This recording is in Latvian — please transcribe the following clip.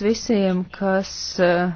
visiem, kas uh,